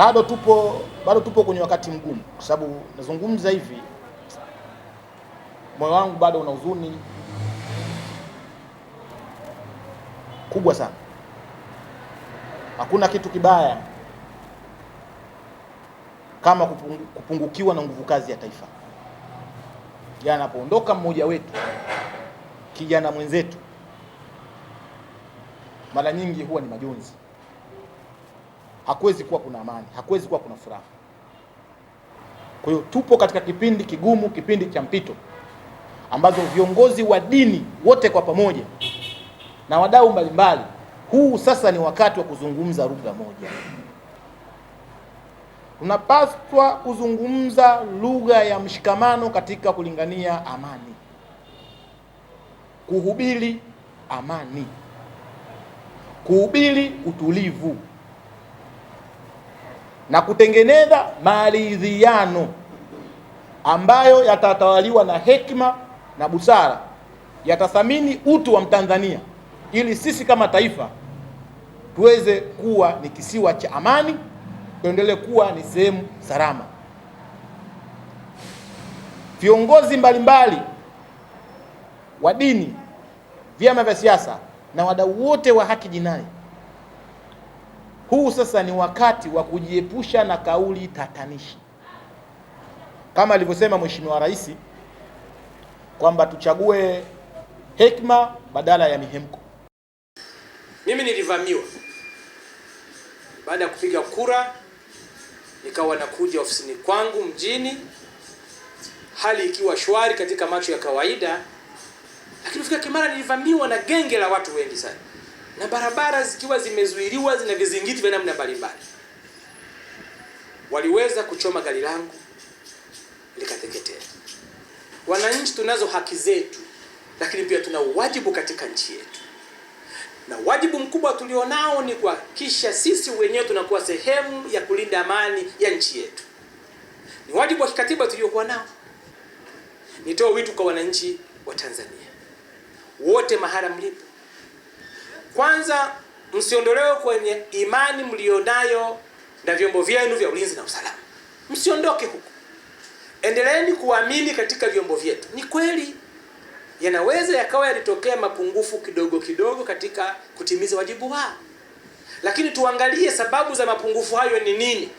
bado tupo bado tupo kwenye wakati mgumu, kwa sababu nazungumza hivi, moyo wangu bado una huzuni kubwa sana. Hakuna kitu kibaya kama kupungukiwa na nguvu kazi ya taifa. Jana anapoondoka mmoja wetu, kijana mwenzetu, mara nyingi huwa ni majonzi hakuwezi kuwa kuna amani, hakuwezi kuwa kuna furaha. Kwa hiyo tupo katika kipindi kigumu, kipindi cha mpito, ambazo viongozi wa dini wote kwa pamoja na wadau mbalimbali, huu sasa ni wakati wa kuzungumza lugha moja. Tunapaswa kuzungumza lugha ya mshikamano katika kulingania amani, kuhubiri amani, kuhubiri utulivu na kutengeneza maridhiano ambayo yatatawaliwa na hekima na busara, yatathamini utu wa Mtanzania ili sisi kama taifa tuweze kuwa ni kisiwa cha amani, tuendelee kuwa ni sehemu salama. Viongozi mbalimbali wa dini, vyama vya siasa na wadau wote wa haki jinai huu sasa ni wakati wa kujiepusha na kauli tatanishi, kama alivyosema Mheshimiwa Rais kwamba tuchague hekima badala ya mihemko. Mimi nilivamiwa baada ya kupiga kura, nikawa nakuja ofisini kwangu mjini, hali ikiwa shwari katika macho ya kawaida, lakini ufika Kimara nilivamiwa na genge la watu wengi sana na barabara zikiwa zimezuiliwa, zina vizingiti vya namna mbalimbali. Waliweza kuchoma gari langu likateketea. Wananchi, tunazo haki zetu, lakini pia tuna wajibu katika nchi yetu, na wajibu mkubwa tulionao ni kuhakikisha sisi wenyewe tunakuwa sehemu ya kulinda amani ya nchi yetu. Ni wajibu wa kikatiba tuliokuwa nao. Nitoe wito kwa wananchi wa Tanzania wote mahala mlipo kwanza, msiondolewe kwenye imani mlionayo na vyombo vyenu vya ulinzi na usalama. Msiondoke huko, endeleeni kuamini katika vyombo vyetu. Ni kweli yanaweza yakawa yalitokea mapungufu kidogo kidogo katika kutimiza wajibu wao, lakini tuangalie sababu za mapungufu hayo ni nini